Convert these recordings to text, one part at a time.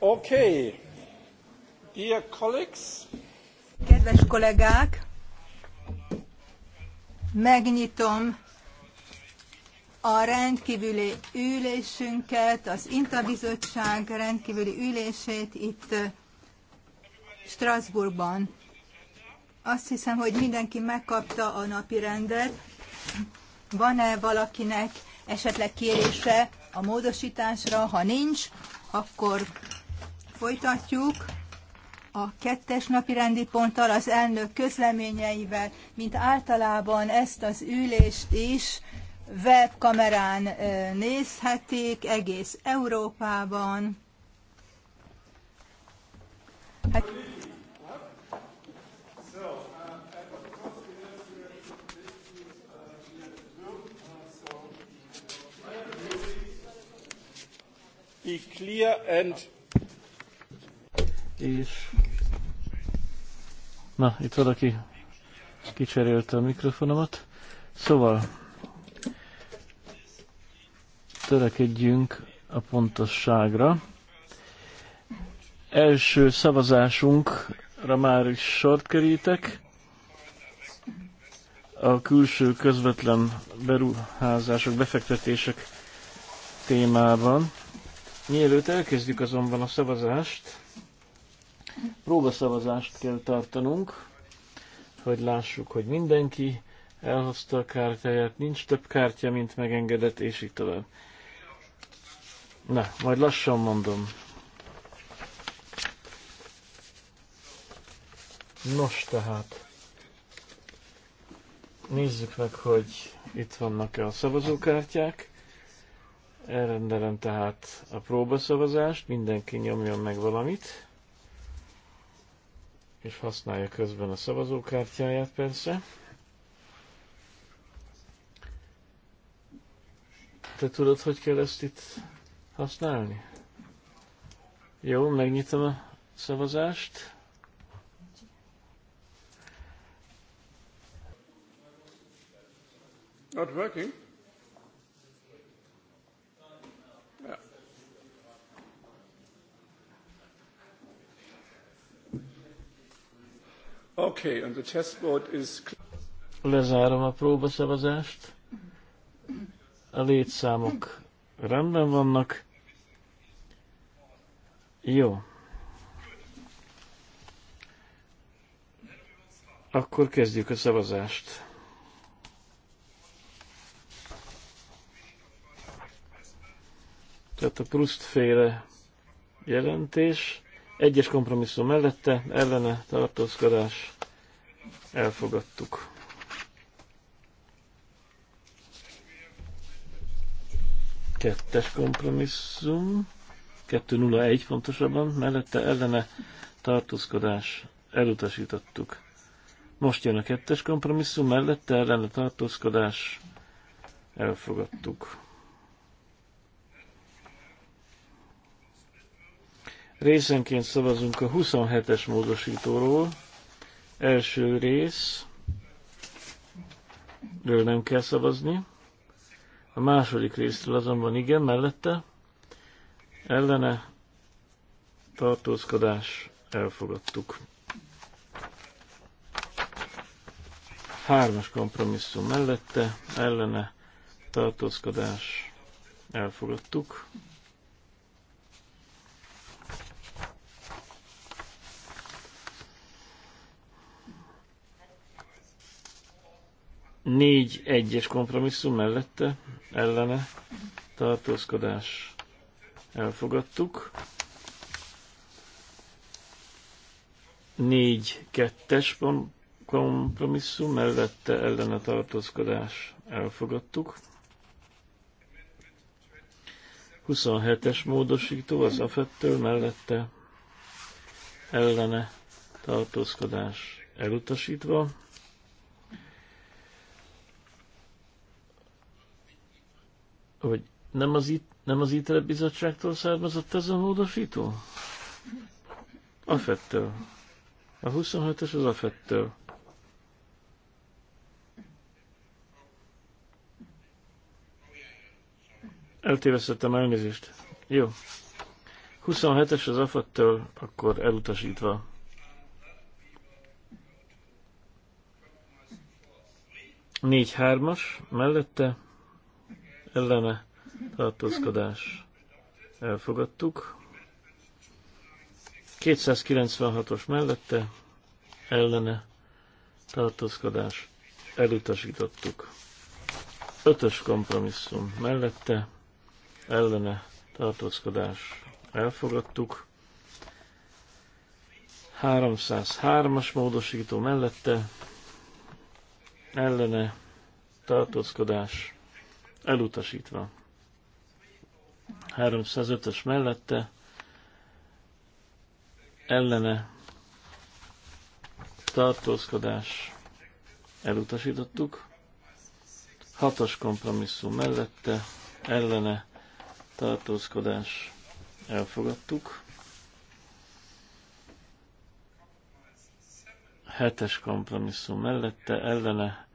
Okay. Dear colleagues. Kedves kollégák, megnyitom a rendkívüli ülésünket, az INTA bizottság rendkívüli ülését itt eh, Strasbourgban. Azt hiszem, hogy mindenki megkapta a napi rendet. Van-e valakinek esetleg kérése a módosításra? Ha nincs, akkor Folytatjuk a kettes napi rendi ponttal, az elnök közleményeivel, mint általában ezt az ülést is webkamerán nézhetik egész Európában. Hát... Be clear and és na, itt valaki kicserélte a mikrofonomat. Szóval törekedjünk a pontosságra. Első szavazásunkra már is sort kerítek. A külső közvetlen beruházások, befektetések témában. Mielőtt elkezdjük azonban a szavazást, próbaszavazást kell tartanunk, hogy lássuk, hogy mindenki elhozta a kártyáját, nincs több kártya, mint megengedett, és így tovább. Na, majd lassan mondom. Nos tehát, nézzük meg, hogy itt vannak-e a szavazókártyák. Elrendelem tehát a próbaszavazást, mindenki nyomjon meg valamit és használja közben a szavazókártyáját persze. Te tudod, hogy kell ezt itt használni? Jó, megnyitom a szavazást. Not working? Okay, and the is... Lezárom a próbaszavazást. A létszámok rendben vannak. Jó. Akkor kezdjük a szavazást. Tehát a Proust féle jelentés egyes kompromisszum mellette, ellene tartózkodás elfogadtuk. Kettes kompromisszum, 201 pontosabban, mellette ellene tartózkodás elutasítottuk. Most jön a kettes kompromisszum, mellette ellene tartózkodás elfogadtuk. Részenként szavazunk a 27-es módosítóról. Első rész. Ről nem kell szavazni. A második résztől azonban igen, mellette. Ellene tartózkodás elfogadtuk. Hármas kompromisszum mellette, ellene tartózkodás elfogadtuk. négy egyes kompromisszum mellette ellene tartózkodás elfogadtuk. Négy kettes kompromisszum mellette ellene tartózkodás elfogadtuk. 27-es módosító az afettől mellette ellene tartózkodás elutasítva. hogy nem az, it, nem az ITRE bizottságtól származott ez a módosító? Afettől. A 27-es az Afettől. Eltévesztettem elnézést. Jó. 27-es az afattől, akkor elutasítva. Négy hármas mellette, ellene tartózkodás elfogadtuk. 296-os mellette ellene tartózkodás elutasítottuk. Ötös kompromisszum mellette ellene tartózkodás elfogadtuk. 303-as módosító mellette ellene tartózkodás elutasítva. 305-ös mellette ellene tartózkodás elutasítottuk. 6-os kompromisszum mellette ellene tartózkodás elfogadtuk. 7-es kompromisszum mellette ellene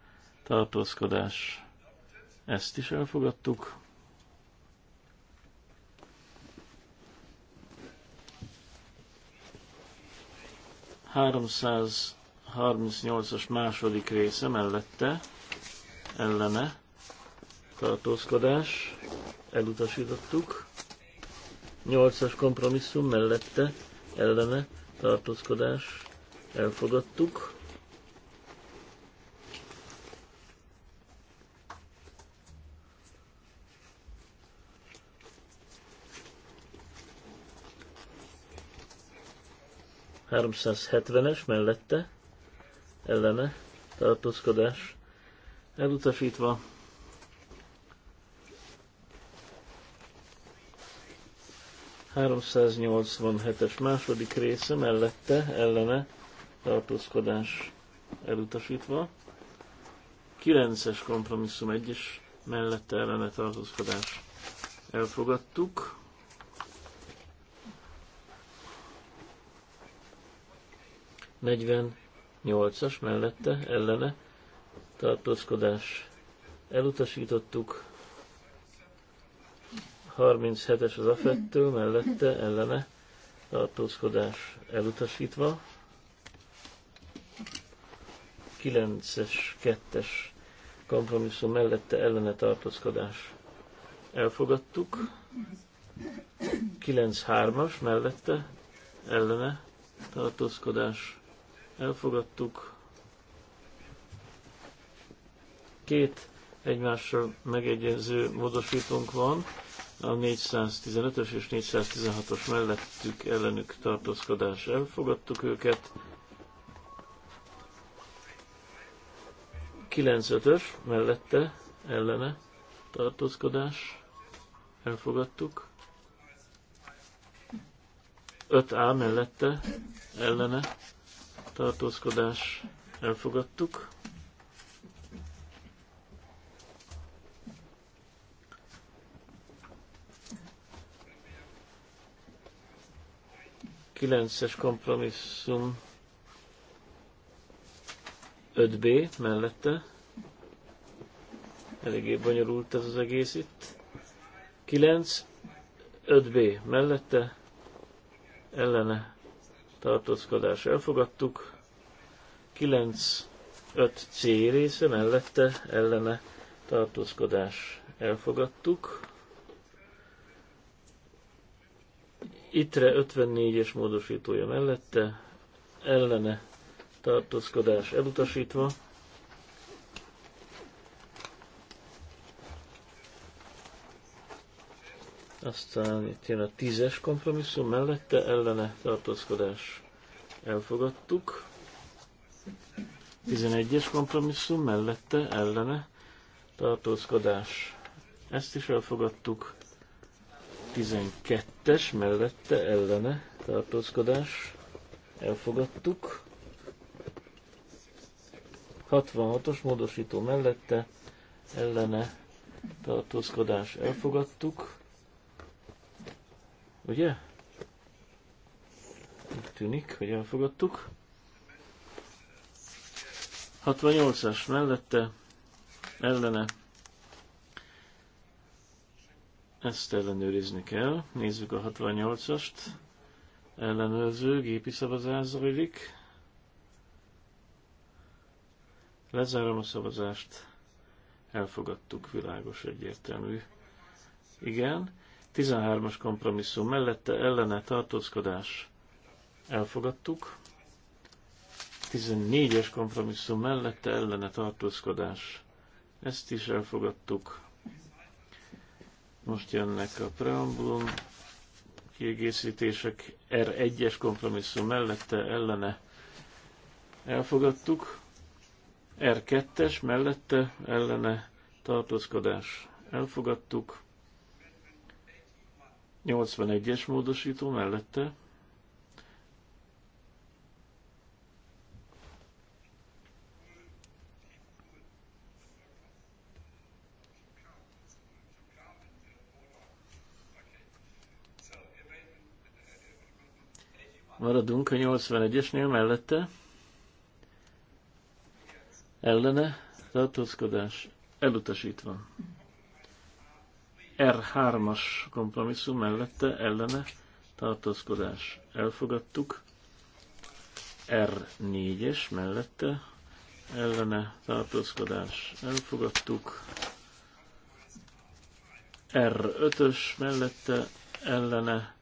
tartózkodás ezt is elfogadtuk. Háromszáz 38-as második része mellette ellene tartózkodás, elutasítottuk. 8-as kompromisszum mellette ellene tartózkodás, elfogadtuk. 370-es mellette ellene tartózkodás elutasítva. ...387-es második része mellette ellene tartózkodás elutasítva. 9-es kompromisszum 1-es mellette ellene tartózkodás elfogadtuk. 48-as mellette ellene tartózkodás elutasítottuk. 37-es az afettől mellette ellene tartózkodás elutasítva. 9-es, 2-es kompromisszum mellette ellene tartózkodás elfogadtuk. 9-3-as mellette ellene tartózkodás elfogadtuk. Két egymással megegyező módosítónk van, a 415-ös és 416-os mellettük ellenük tartózkodás elfogadtuk őket. 95-ös mellette ellene tartózkodás elfogadtuk. 5A mellette ellene tartózkodás elfogadtuk. Kilences kompromisszum 5B mellette. Eléggé bonyolult ez az egész itt. 9, 5B mellette, ellene tartózkodás elfogadtuk. 9.5c része mellette ellene tartózkodás elfogadtuk. Ittre 54-es módosítója mellette ellene tartózkodás elutasítva. Aztán itt jön a tízes kompromisszum, mellette ellene tartózkodás elfogadtuk. 11-es kompromisszum, mellette ellene tartózkodás ezt is elfogadtuk. 12-es, mellette ellene tartózkodás elfogadtuk. 66-os módosító mellette ellene tartózkodás elfogadtuk. Ugye? Itt tűnik, hogy elfogadtuk. 68-as mellette, ellene. Ezt ellenőrizni kell. Nézzük a 68-ast. Ellenőrző, gépi szavazás zajlik. Lezárom a szavazást. Elfogadtuk, világos, egyértelmű. Igen. 13-as kompromisszum mellette ellene tartózkodás elfogadtuk. 14-es kompromisszum mellette ellene tartózkodás. Ezt is elfogadtuk. Most jönnek a preambulum kiegészítések. R1-es kompromisszum mellette ellene elfogadtuk. R2-es mellette ellene tartózkodás elfogadtuk. 81-es módosító mellette. Maradunk a 81-esnél mellette. Ellene tartózkodás elutasítva. Mm. R3-as kompromisszum mellette ellene tartózkodás elfogadtuk. R4-es mellette ellene tartózkodás elfogadtuk. R5-ös mellette ellene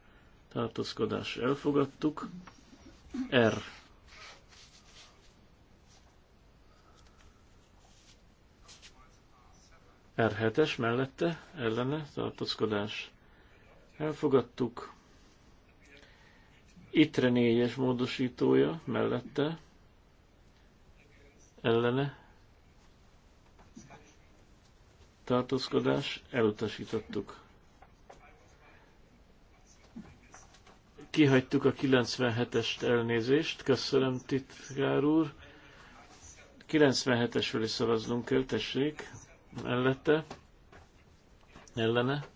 tartózkodás elfogadtuk. R R7-es mellette ellene tartózkodás. Elfogadtuk. Itre 4-es módosítója mellette ellene tartózkodás. Elutasítottuk. Kihagytuk a 97-est elnézést. Köszönöm, titkár úr. 97-esről is szavaznunk kell, tessék mellette, ellene,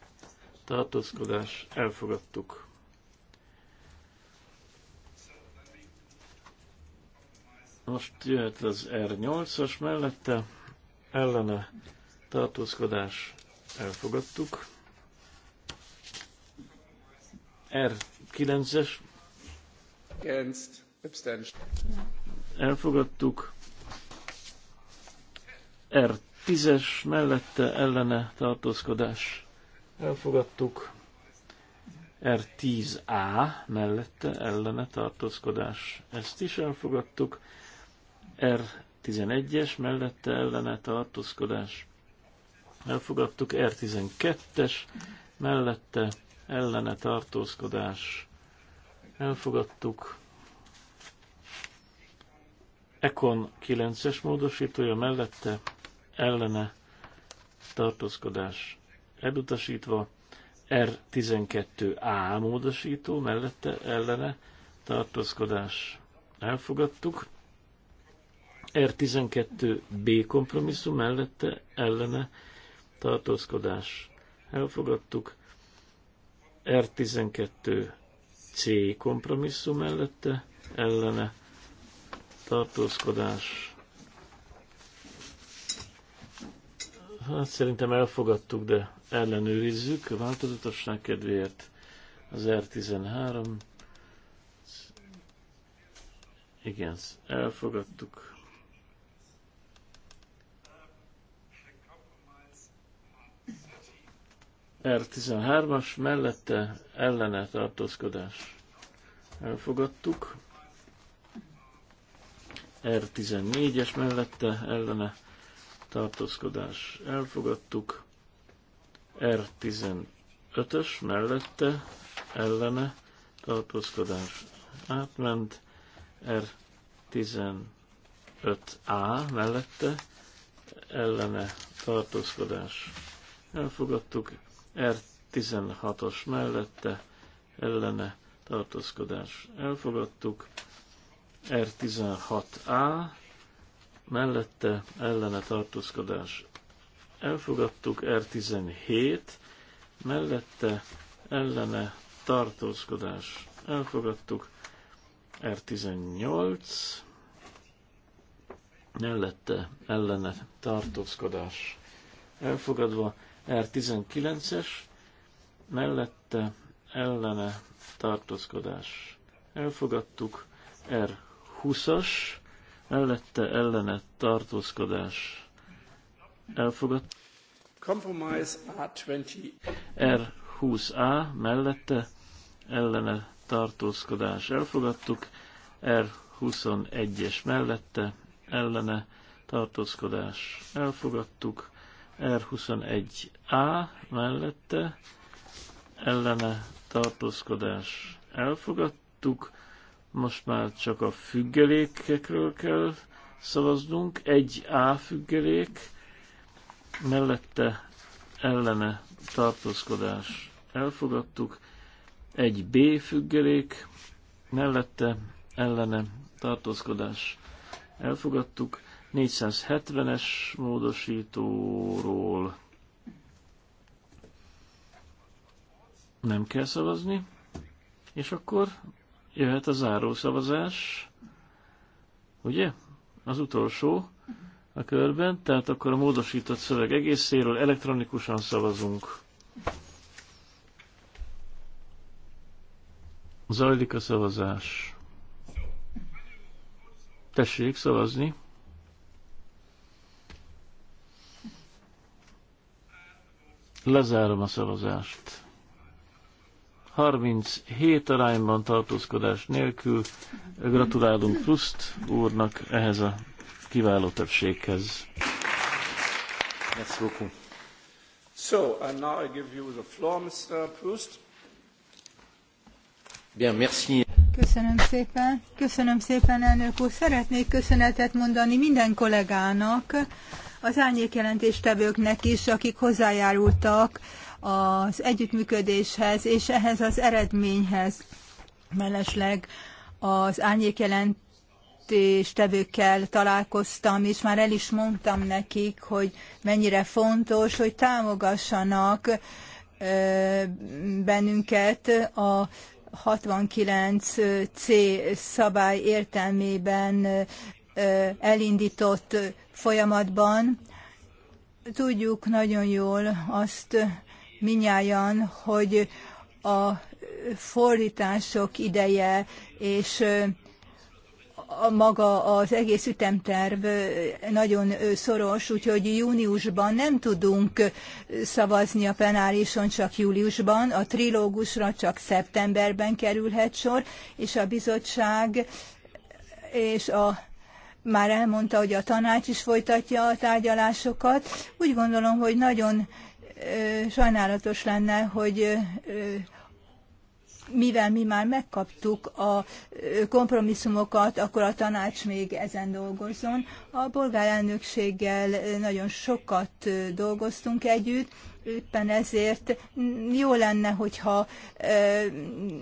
tartózkodás, elfogadtuk. Most jöhet az R8-as mellette, ellene, tartózkodás, elfogadtuk. R9-es. Elfogadtuk. R Tízes mellette ellene tartózkodás. Elfogadtuk. R10A mellette ellene tartózkodás. Ezt is elfogadtuk. R11-es mellette ellene tartózkodás. Elfogadtuk. R12-es mellette ellene tartózkodás. Elfogadtuk. Ekon 9-es módosítója mellette ellene tartózkodás elutasítva, R12A módosító mellette ellene tartózkodás elfogadtuk, R12B kompromisszum mellette ellene tartózkodás elfogadtuk, R12C kompromisszum mellette ellene tartózkodás Hát szerintem elfogadtuk, de ellenőrizzük a változatosság kedvéért az R13. Igen, elfogadtuk. R13-as mellette ellene tartózkodás. Elfogadtuk. R14-es mellette ellene tartózkodás elfogadtuk, R15-ös mellette, ellene, tartózkodás átment, R15A mellette, ellene, tartózkodás elfogadtuk, R16-os mellette, ellene, tartózkodás elfogadtuk, R16A mellette ellene tartózkodás elfogadtuk, R17 mellette ellene tartózkodás elfogadtuk, R18 mellette ellene tartózkodás elfogadva, R19-es mellette ellene tartózkodás elfogadtuk, R20-as mellette ellene tartózkodás elfogadt. R20. R20A mellette ellene tartózkodás elfogadtuk, R21-es mellette ellene tartózkodás elfogadtuk, R21A mellette ellene tartózkodás elfogadtuk, most már csak a függelékekről kell szavaznunk. Egy A függelék, mellette ellene tartózkodás elfogadtuk. Egy B függelék, mellette ellene tartózkodás elfogadtuk. 470-es módosítóról nem kell szavazni, és akkor jöhet a zárószavazás, ugye? Az utolsó a körben, tehát akkor a módosított szöveg egészéről elektronikusan szavazunk. Zajlik a szavazás. Tessék szavazni. Lezárom a szavazást. 37 arányban tartózkodás nélkül. Gratulálunk Fruszt úrnak ehhez a kiváló többséghez. So, and now I give you the floor, Mr. Proust. Bien, merci. Köszönöm szépen. Köszönöm szépen, elnök úr. Szeretnék köszönetet mondani minden kollégának, az árnyékjelentéstevőknek is, akik hozzájárultak az együttműködéshez és ehhez az eredményhez. Mellesleg az árnyékjelent jelentéstevőkkel találkoztam, és már el is mondtam nekik, hogy mennyire fontos, hogy támogassanak bennünket a 69C szabály értelmében elindított folyamatban. Tudjuk nagyon jól azt, minnyáján, hogy a fordítások ideje és a maga az egész ütemterv nagyon szoros, úgyhogy júniusban nem tudunk szavazni a penálison csak júliusban, a trilógusra csak szeptemberben kerülhet sor, és a bizottság és a már elmondta, hogy a tanács is folytatja a tárgyalásokat. Úgy gondolom, hogy nagyon sajnálatos lenne, hogy mivel mi már megkaptuk a kompromisszumokat, akkor a tanács még ezen dolgozzon. A polgárelnökséggel nagyon sokat dolgoztunk együtt, éppen ezért jó lenne, hogyha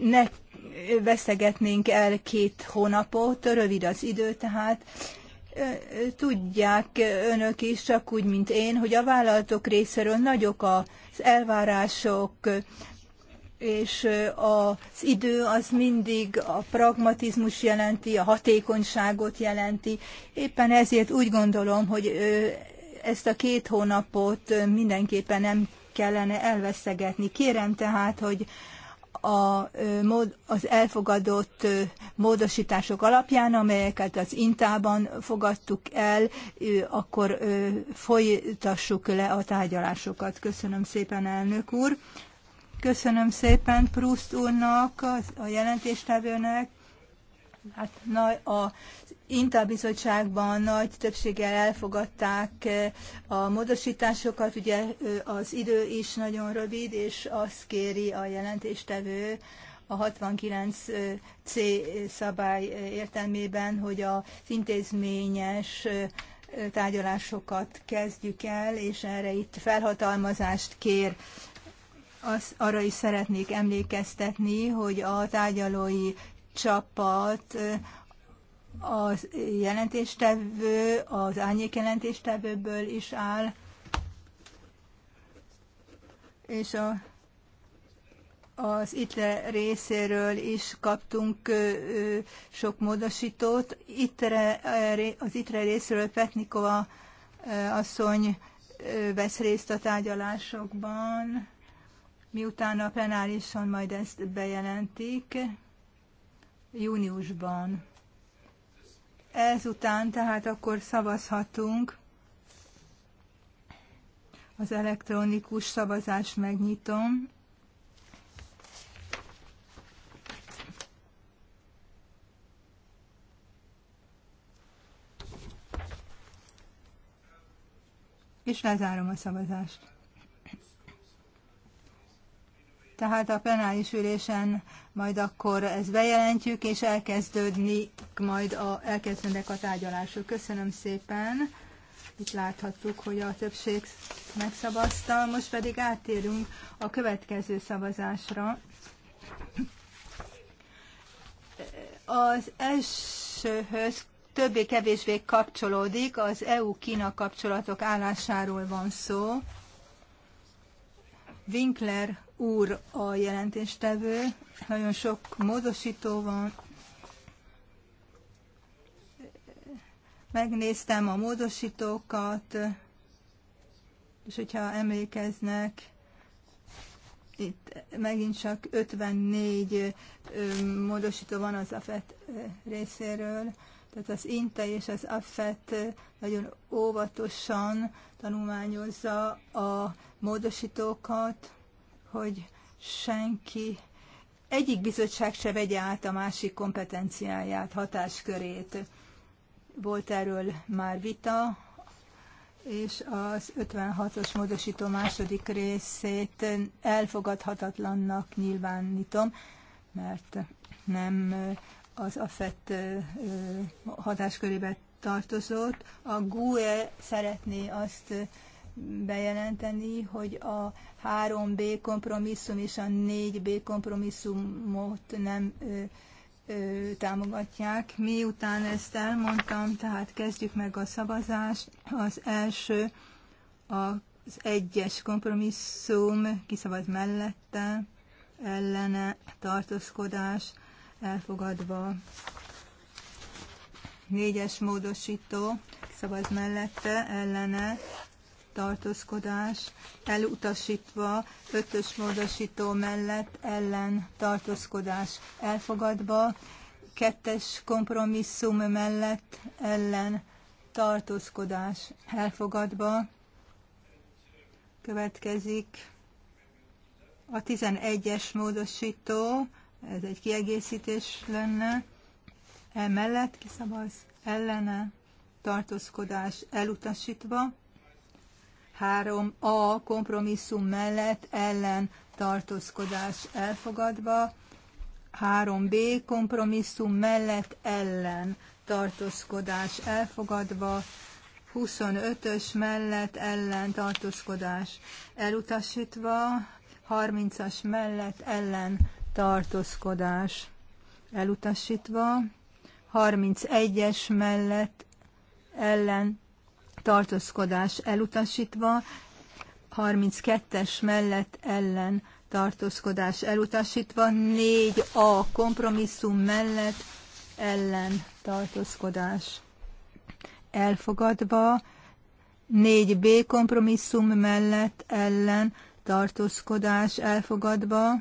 ne veszegetnénk el két hónapot, rövid az idő tehát, Tudják önök is, csak úgy, mint én, hogy a vállalatok részéről nagyok az elvárások, és az idő az mindig a pragmatizmus jelenti, a hatékonyságot jelenti. Éppen ezért úgy gondolom, hogy ezt a két hónapot mindenképpen nem kellene elveszegetni. Kérem tehát, hogy a, az elfogadott módosítások alapján, amelyeket az Intában fogadtuk el, akkor folytassuk le a tárgyalásokat. Köszönöm szépen, elnök úr! Köszönöm szépen Proust úrnak, a jelentéstevőnek. Hát na, a INTA bizottságban nagy többséggel elfogadták eh, a módosításokat, ugye eh, az idő is nagyon rövid, és azt kéri a jelentéstevő, a 69C eh, szabály értelmében, hogy az intézményes tárgyalásokat kezdjük el, és erre itt felhatalmazást kér. Az, arra is szeretnék emlékeztetni, hogy a tárgyalói csapat a jelentéstevő, az árnyék jelentéstevőből is áll, és a, az itt részéről is kaptunk ö, ö, sok módosítót. ITRE, az itt részéről Petnikova ö, asszony ö, vesz részt a tárgyalásokban, miután a plenárison majd ezt bejelentik júniusban. Ezután tehát akkor szavazhatunk. Az elektronikus szavazást megnyitom. És lezárom a szavazást. tehát a plenáris ülésen majd akkor ezt bejelentjük, és elkezdődni majd a, elkezdődnek a tárgyalások. Köszönöm szépen. Itt láthattuk, hogy a többség megszavazta. Most pedig áttérünk a következő szavazásra. Az elsőhöz többé-kevésbé kapcsolódik, az EU-Kína kapcsolatok állásáról van szó. Winkler úr a jelentéstevő. Nagyon sok módosító van. Megnéztem a módosítókat, és hogyha emlékeznek, itt megint csak 54 módosító van az AFET részéről, tehát az INTE és az AFET nagyon óvatosan tanulmányozza a módosítókat, hogy senki, egyik bizottság se vegye át a másik kompetenciáját, hatáskörét. Volt erről már vita, és az 56-os módosító második részét elfogadhatatlannak nyilvánítom, mert nem az AFET hatáskörébe tartozott. A GUE szeretné azt bejelenteni, hogy a 3B kompromisszum és a 4B kompromisszumot nem ö, ö, támogatják. Miután ezt elmondtam, tehát kezdjük meg a szavazást. Az első, az egyes kompromisszum, kiszavaz mellette, ellene, tartózkodás, elfogadva. Négyes módosító, szavaz mellette, ellene, tartózkodás elutasítva, ötös módosító mellett ellen tartózkodás elfogadva, kettes kompromisszum mellett ellen tartózkodás elfogadva. Következik a 11-es módosító, ez egy kiegészítés lenne, emellett kiszavaz ellene tartózkodás elutasítva. 3A kompromisszum mellett ellen tartózkodás elfogadva, 3B kompromisszum mellett ellen tartózkodás elfogadva, 25-ös mellett ellen tartózkodás elutasítva, 30-as mellett ellen tartózkodás elutasítva, 31-es mellett ellen tartózkodás elutasítva, 32-es mellett ellen tartózkodás elutasítva, 4A kompromisszum mellett ellen tartózkodás elfogadva, 4B kompromisszum mellett ellen tartózkodás elfogadva,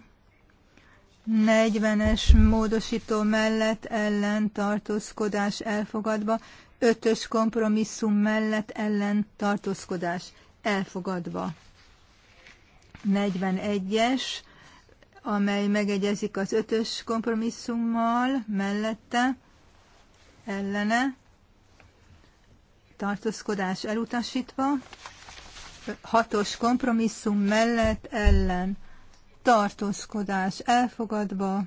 40-es módosító mellett ellen tartózkodás elfogadva, ötös kompromisszum mellett ellen tartózkodás elfogadva. 41-es, amely megegyezik az ötös kompromisszummal mellette, ellene, tartózkodás elutasítva, hatos kompromisszum mellett ellen, tartózkodás elfogadva,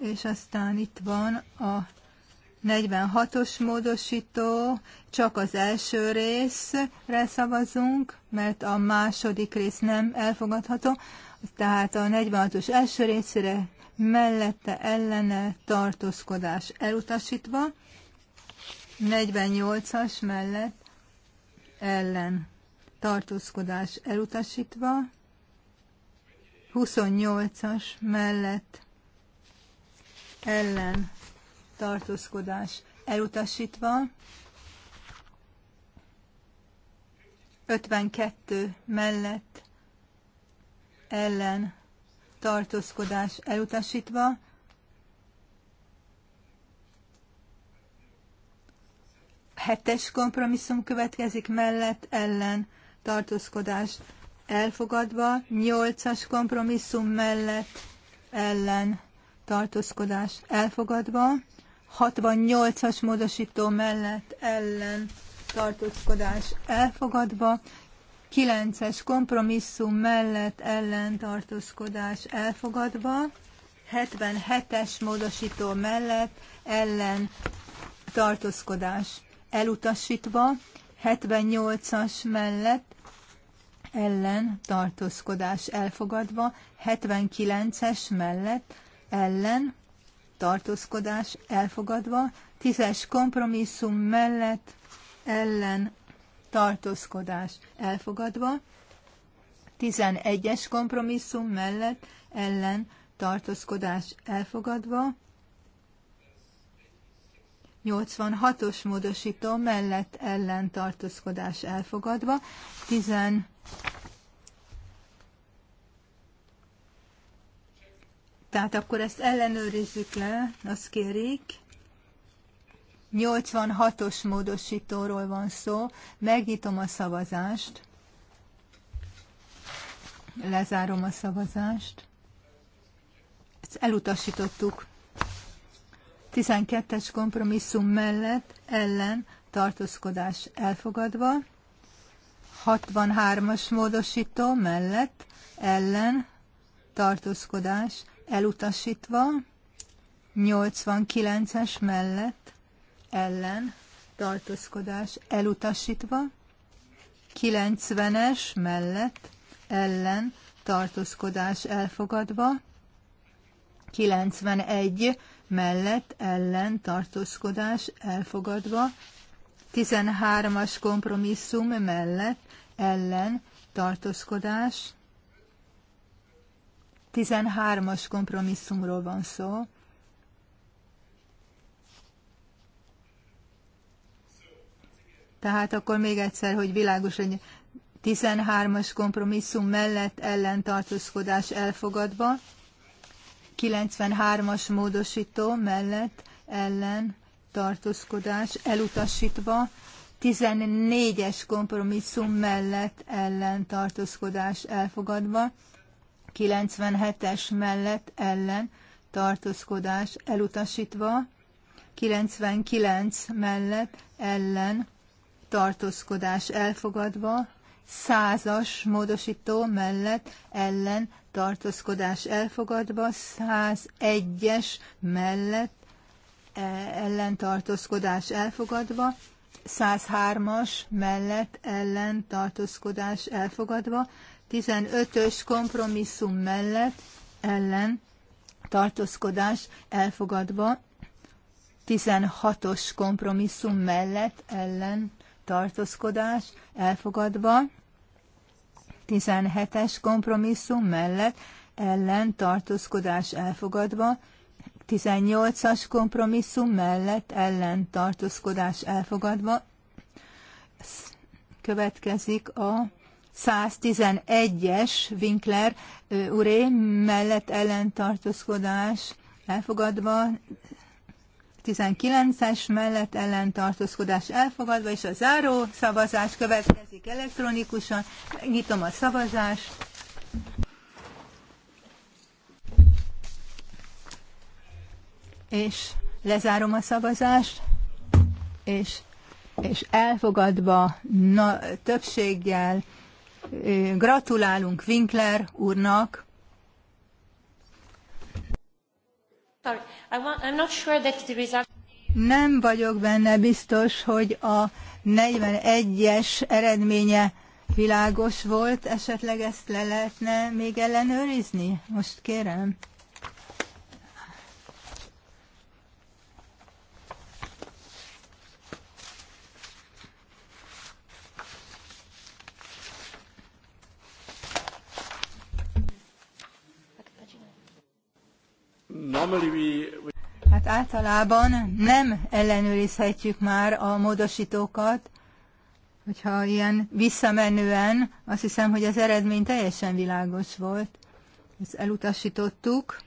és aztán itt van a 46-os módosító, csak az első részre szavazunk, mert a második rész nem elfogadható. Tehát a 46-os első részére mellette ellene tartózkodás elutasítva, 48-as mellett ellen tartózkodás elutasítva, 28-as mellett ellen tartózkodás elutasítva, 52 mellett ellen tartózkodás elutasítva, hetes kompromisszum következik mellett ellen tartózkodás elfogadva, nyolcas kompromisszum mellett ellen tartózkodás elfogadva, 68-as módosító mellett ellen tartózkodás elfogadva, 9-es kompromisszum mellett ellen tartózkodás elfogadva, 77-es módosító mellett ellen tartózkodás elutasítva, 78-as mellett ellen tartózkodás elfogadva, 79-es mellett ellen tartózkodás elfogadva, tízes kompromisszum mellett ellen tartózkodás elfogadva, tizenegyes kompromisszum mellett ellen tartózkodás elfogadva, 86-os módosító mellett ellen tartózkodás elfogadva, 10 Tehát akkor ezt ellenőrizzük le, azt kérik. 86-os módosítóról van szó. Megnyitom a szavazást. Lezárom a szavazást. Ezt elutasítottuk. 12-es kompromisszum mellett ellen tartózkodás elfogadva. 63-as módosító mellett ellen tartózkodás elutasítva, 89-es mellett ellen tartózkodás elutasítva, 90-es mellett ellen tartózkodás elfogadva, 91 mellett ellen tartózkodás elfogadva, 13-as kompromisszum mellett ellen tartózkodás 13-as kompromisszumról van szó. Tehát akkor még egyszer, hogy világos legyen. 13-as kompromisszum mellett ellentartózkodás elfogadva, 93-as módosító mellett ellen tartózkodás elutasítva, 14-es kompromisszum mellett ellen tartózkodás elfogadva, 97-es mellett ellen tartózkodás elutasítva, 99 mellett ellen tartózkodás elfogadva, 100-as módosító mellett ellen tartózkodás elfogadva, 101-es e, mellett ellen tartózkodás elfogadva, 103-as mellett ellen tartózkodás elfogadva, 15-ös kompromisszum mellett ellen tartózkodás elfogadva, 16-os kompromisszum mellett ellen tartózkodás elfogadva, 17-es kompromisszum mellett ellen tartózkodás elfogadva, 18-as kompromisszum mellett ellen tartózkodás elfogadva, következik a 111-es Winkler uré mellett ellentartózkodás elfogadva, 19-es mellett ellentartózkodás elfogadva, és a záró szavazás következik elektronikusan. Nyitom a szavazást. És lezárom a szavazást, és, és elfogadva na, többséggel Gratulálunk Winkler úrnak. Nem vagyok benne biztos, hogy a 41-es eredménye világos volt, esetleg ezt le lehetne még ellenőrizni? Most kérem. Hát általában nem ellenőrizhetjük már a módosítókat, hogyha ilyen visszamenően, azt hiszem, hogy az eredmény teljesen világos volt. Ezt elutasítottuk.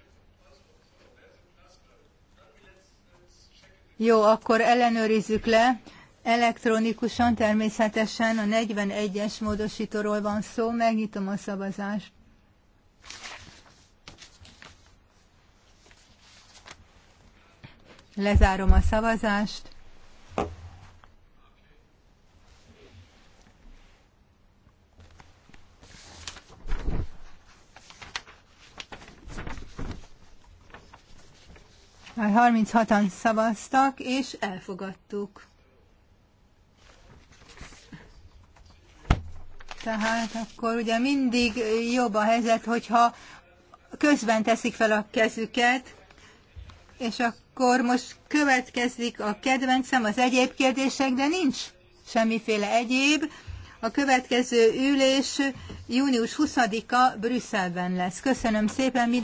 Jó, akkor ellenőrizzük le. Elektronikusan természetesen a 41-es módosítóról van szó, megnyitom a szavazást. Lezárom a szavazást. Már 36-an szavaztak, és elfogadtuk. Tehát akkor ugye mindig jobb a helyzet, hogyha közben teszik fel a kezüket, és akkor akkor most következik a kedvencem, az egyéb kérdések, de nincs semmiféle egyéb. A következő ülés június 20-a Brüsszelben lesz. Köszönöm szépen